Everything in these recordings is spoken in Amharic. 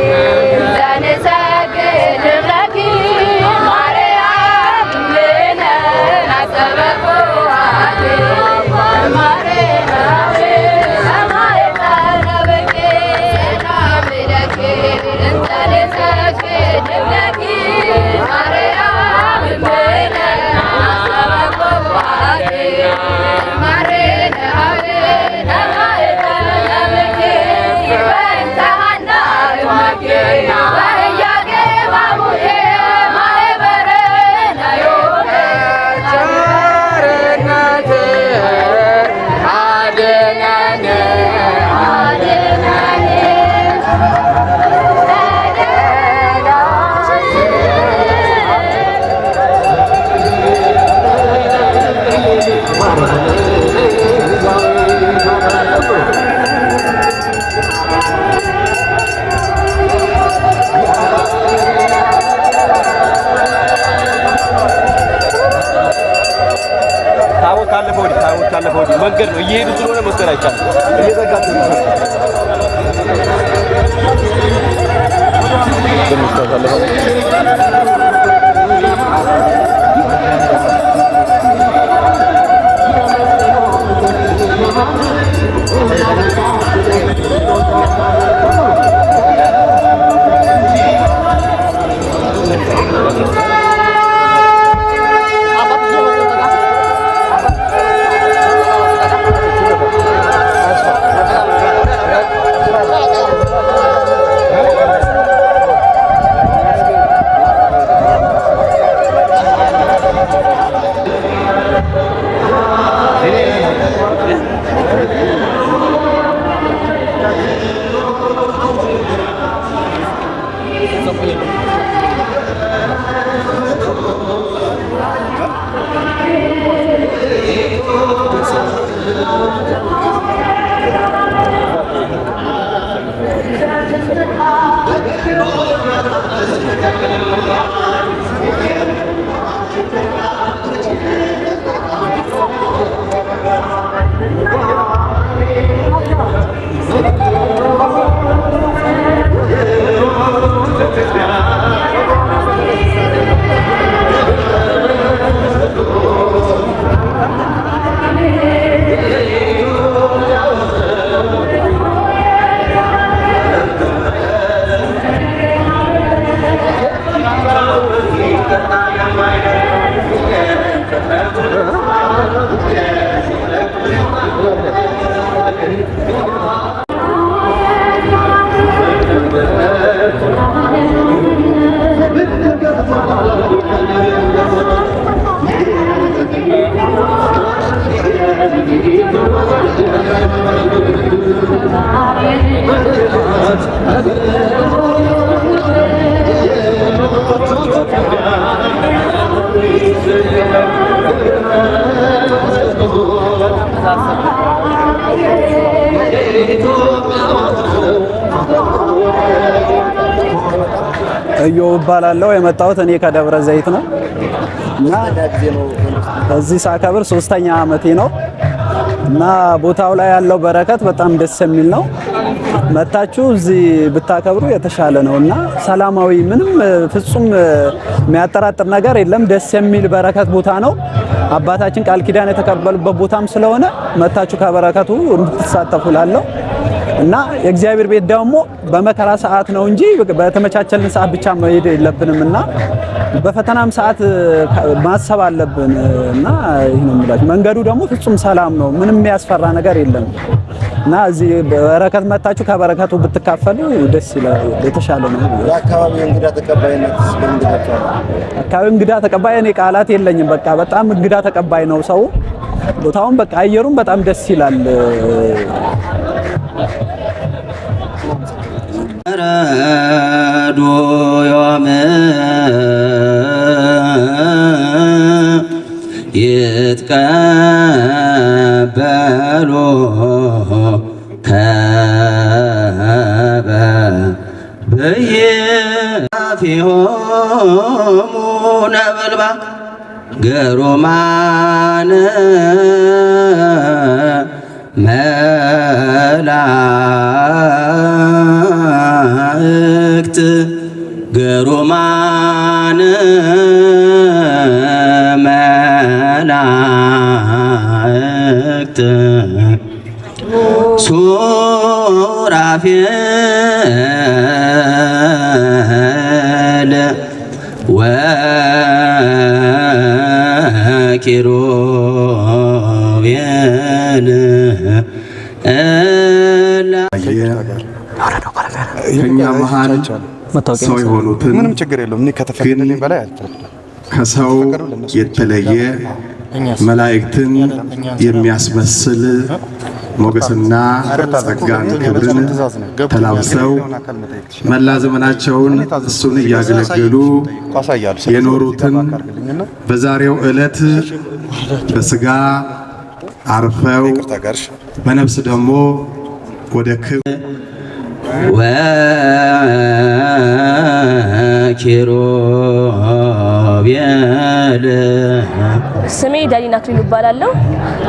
Yeah. Oh, እዮብ እባላለሁ። የመጣሁት እኔ ከደብረ ዘይት ነው እና እዚህ ሳከብር ሶስተኛ ዓመቴ ነው እና ቦታው ላይ ያለው በረከት በጣም ደስ የሚል ነው። መታችሁ እዚህ ብታከብሩ የተሻለ ነው እና ሰላማዊ ምንም ፍጹም የሚያጠራጥር ነገር የለም። ደስ የሚል በረከት ቦታ ነው። አባታችን ቃል ኪዳን የተቀበሉበት ቦታም ስለሆነ መታችሁ ከበረከቱ እንድትሳተፉ ላለው እና የእግዚአብሔር ቤት ደግሞ በመከራ ሰዓት ነው እንጂ በተመቻቸልን ሰዓት ብቻ መሄድ የለብንም እና በፈተናም ሰዓት ማሰብ አለብን እና ይህ ነው የሚላችሁ። መንገዱ ደግሞ ፍጹም ሰላም ነው፣ ምንም የሚያስፈራ ነገር የለም እና እዚህ በረከት መታችሁ ከበረከቱ ብትካፈሉ ደስ ይላል፣ የተሻለ ነው። የአካባቢ እንግዳ ተቀባይነት አካባቢ እንግዳ ተቀባይ እኔ ቃላት የለኝም። በቃ በጣም እንግዳ ተቀባይ ነው ሰው። ቦታውን በቃ አየሩም በጣም ደስ ይላል። ረዱ ዮም ይትቀበሎ ከበ ብይፊሆሙ ነበልባ ገሮማነ መላእክት ግሩማን መላእክት ሱራፌል ወኪሩቤል ከኛ መሀል ሰው የሆኑትን ምንም ችግር የለውም። እኔ ከተፈቀደልኝ በላይ ከሰው የተለየ መላእክትን የሚያስመስል ሞገስና ጸጋን ክብርን ተላብሰው መላ ዘመናቸውን እሱን እያገለገሉ የኖሩትን በዛሬው ዕለት በስጋ አርፈው በነፍስ ደግሞ ወደ ክብር ስሜ ዳሊና ክሪሉ እባላለሁ።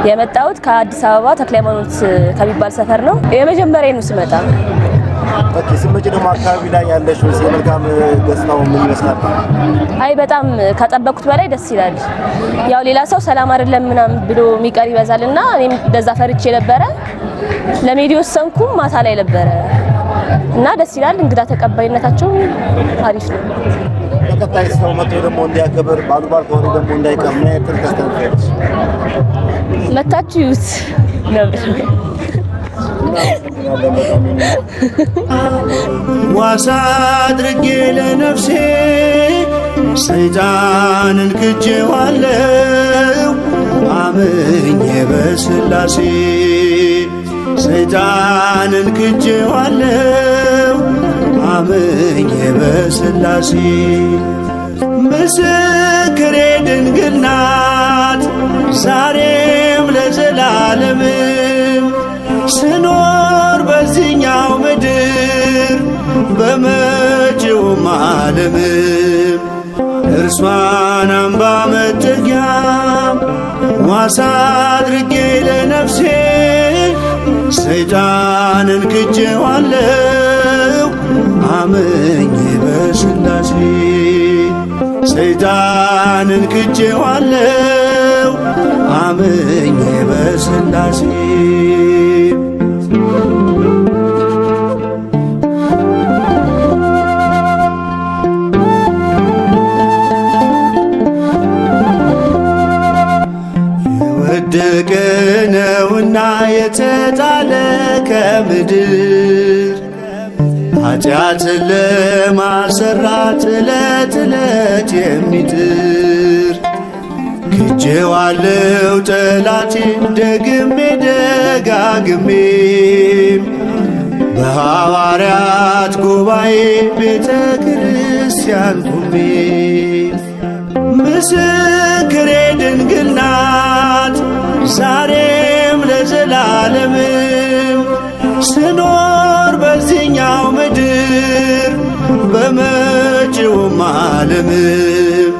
የመጣሁት ከአዲስ አበባ ተክለ ሃይማኖት ከሚባል ሰፈር ነው። የመጀመሪያ ነው ስመጣ። ኦኬ ስመጪ ደግሞ አካባቢ ላይ ያለሽ ወይስ የመልካም ገጽታው ምን ይመስላል? አይ በጣም ከጠበቅኩት በላይ ደስ ይላል። ያው ሌላ ሰው ሰላም አይደለም ምናምን ብሎ የሚቀር ይበዛልና እኔም እንደዛ ፈርቼ ነበረ። ለሜዲዮስ ሰንኩም ማታ ላይ ነበረ እና ደስ ይላል። እንግዳ ተቀባይነታቸው አሪፍ ነው። ተከታይ ሰው መጥቶ ደግሞ እንዲያከብር ባሉባል ከሆነ ደግሞ መታችሁ ነብር ዋሳ አድርጌ ለነፍሴ ሰይጣንን አምኜ በስላሴ ሰይጣንን ክጄዋለው አምኜ በስላሴ ምስክሬ ድንግል ናት ዛሬም ለዘላለምም ስኖር በዚኛው ምድር በመጪውም ዓለምም እርሷን አምባ መጠጊያ ዋሳ አድርጌ ለነፍሴ ሰይጣንን ክጄዋለው አመኝ በስላሴ ሰይጣንን ክጄዋለው አመኝ በስላሴ ድንቅ ነውና የተጣለ ከምድር ኃጢአትን ለማሰራት ዕለት ዕለት የሚጥር ክጄዋለው ጠላቴን ደግሜ ደጋግሜ በሐዋርያት ጉባኤ ቤተ ክርስቲያን ቁሜ ምስክሬ ድንግልና ዓለምም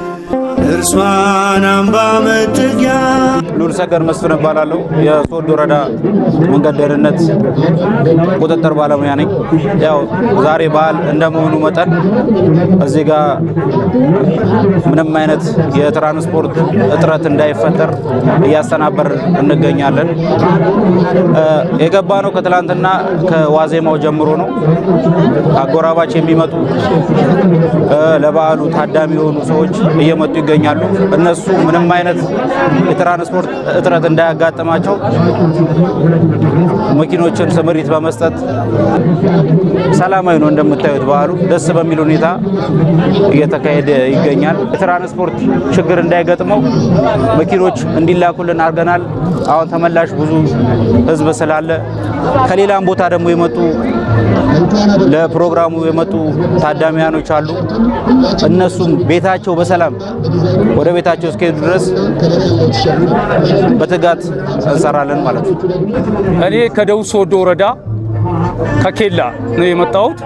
እርሷን አምባ አብዱል ሰገር መስፍን እባላለሁ። የሶልድ ወረዳ መንገድ ደህንነት ቁጥጥር ባለሙያ ነኝ። ያው ዛሬ በዓል እንደመሆኑ መጠን እዚህ ጋር ምንም አይነት የትራንስፖርት እጥረት እንዳይፈጠር እያስተናበር እንገኛለን። የገባ ነው ከትላንትና ከዋዜማው ጀምሮ ነው። አጎራባች የሚመጡ ለበዓሉ ታዳሚ የሆኑ ሰዎች እየመጡ ይገኛሉ። እነሱ ምንም አይነት የትራንስፖርት እጥረት እንዳያጋጥማቸው መኪኖችን ስምሪት በመስጠት ሰላማዊ ነው። እንደምታዩት በዓሉ ደስ በሚል ሁኔታ እየተካሄደ ይገኛል። የትራንስፖርት ችግር እንዳይገጥመው መኪኖች እንዲላኩልን አድርገናል። አሁን ተመላሽ ብዙ ህዝብ ስላለ ከሌላም ቦታ ደግሞ የመጡ ለፕሮግራሙ የመጡ ታዳሚያኖች አሉ። እነሱም ቤታቸው በሰላም ወደ ቤታቸው እስከሄዱ ድረስ በትጋት እንሰራለን ማለት ነው። እኔ ከደቡብ ሶዶ ወረዳ ከኬላ ነው የመጣሁት።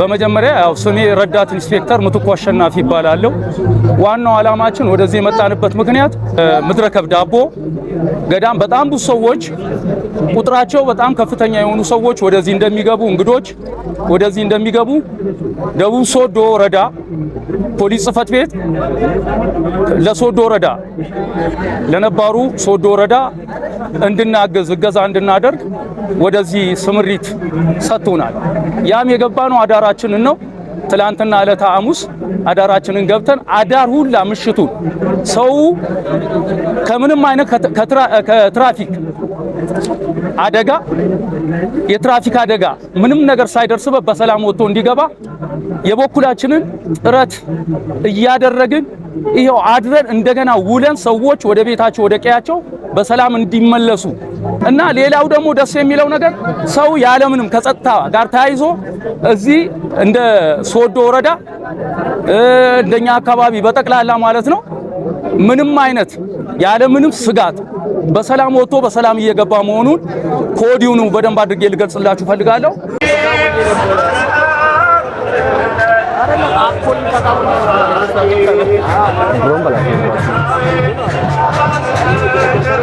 በመጀመሪያ ያው ስሜ ረዳት ኢንስፔክተር ምትኩ አሸናፊ ይባላለሁ። ዋናው ዓላማችን ወደዚህ የመጣንበት ምክንያት ምድረከብ ዳቦ ገዳም በጣም ብዙ ሰዎች ቁጥራቸው በጣም ከፍተኛ የሆኑ ሰዎች ወደዚህ እንደሚገቡ እንግዶች ወደዚህ እንደሚገቡ ደቡብ ሶዶ ወረዳ ፖሊስ ጽፈት ቤት ለሶዶ ወረዳ ለነባሩ ሶዶ ወረዳ እንድናገዝ እገዛ እንድናደርግ ወደዚህ ስምሪት ሰጥቶናል። ያም የገባነው አዳራችንን ነው። ትላንትና ዕለተ ሐሙስ አዳራችንን ገብተን አዳር ሁላ ምሽቱን ሰው ከምንም አይነት ከትራፊክ አደጋ የትራፊክ አደጋ ምንም ነገር ሳይደርስበት በሰላም ወጥቶ እንዲገባ የበኩላችንን ጥረት እያደረግን ይኸው አድረን እንደገና ውለን ሰዎች ወደ ቤታቸው ወደ ቀያቸው በሰላም እንዲመለሱ እና ሌላው ደግሞ ደስ የሚለው ነገር ሰው ያለምንም ከጸጥታ ጋር ተያይዞ እዚህ እንደ ሶዶ ወረዳ እንደኛ አካባቢ በጠቅላላ ማለት ነው ምንም አይነት ያለምንም ስጋት በሰላም ወጥቶ በሰላም እየገባ መሆኑን ከወዲሁኑ በደንብ አድርጌ ልገልጽላችሁ ፈልጋለሁ።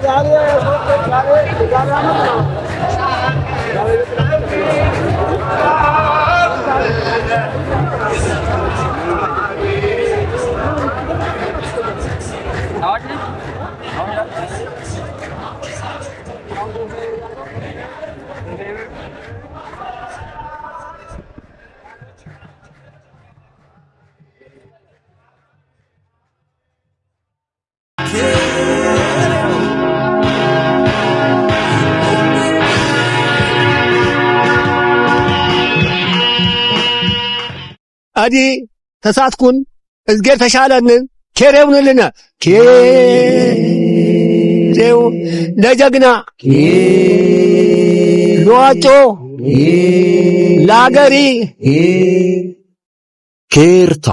Thank you. ሀዲ ተሳትኩን እዝጌር ተሻለንን ኬሬውንልን ኬሬው ለጀግና ለዋጮ ለአገሪ ኬርታ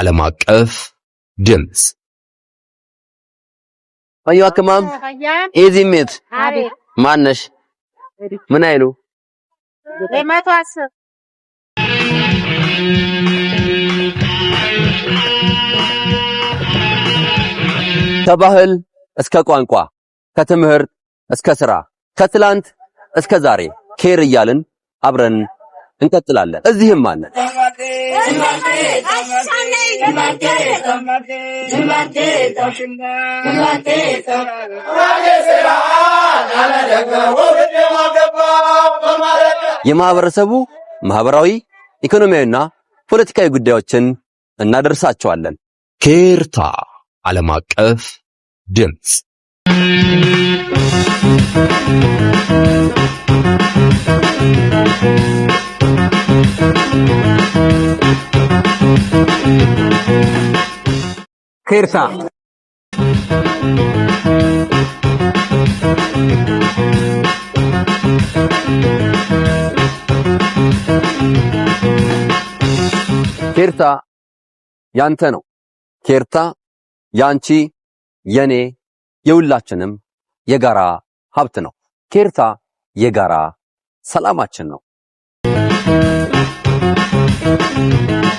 ዓለም አቀፍ ድምፅ አዩ አከማም ኤዚሜት ማነሽ ምን አይሉ ከባህል እስከ ቋንቋ ከትምህርት እስከ ስራ ከትላንት እስከ ዛሬ ኬር እያልን አብረን እንቀጥላለን። እዚህም አለን። የማህበረሰቡ ማህበራዊ ኢኮኖሚያዊና ፖለቲካዊ ጉዳዮችን እናደርሳቸዋለን። ኬርታ ዓለም አቀፍ ድምፅ ኬርታ ኬርታ ያንተ ነው። ኬርታ ያንቺ፣ የኔ፣ የሁላችንም የጋራ ሀብት ነው። ኬርታ የጋራ ሰላማችን ነው። Thank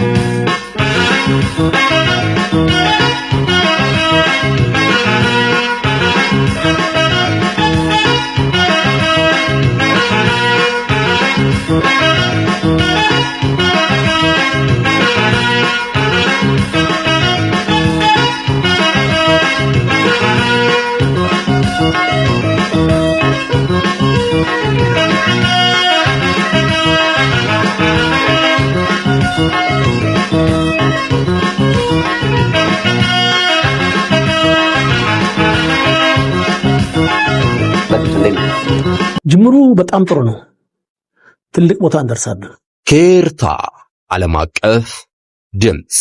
you. ጅምሩ በጣም ጥሩ ነው። ትልቅ ቦታ እንደርሳለን። ኬርታ ዓለም አቀፍ ድምፅ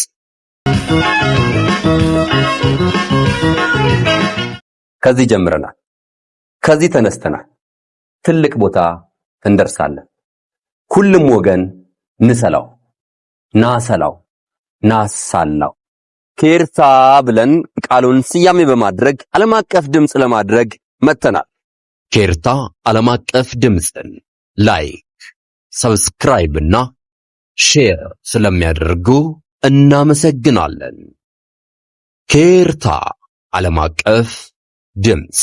ከዚህ ጀምረናል። ከዚህ ተነስተናል። ትልቅ ቦታ እንደርሳለን። ሁሉም ወገን ንሰላው፣ ናሰላው፣ ናሳላው ኬርታ ብለን ቃሉን ስያሜ በማድረግ ዓለም አቀፍ ድምፅ ለማድረግ መጥተናል። ኬርታ ዓለም አቀፍ ድምፅን ላይክ፣ ሰብስክራይብ እና ሼር ስለሚያደርጉ እናመሰግናለን። ኬርታ ዓለም አቀፍ ድምፅ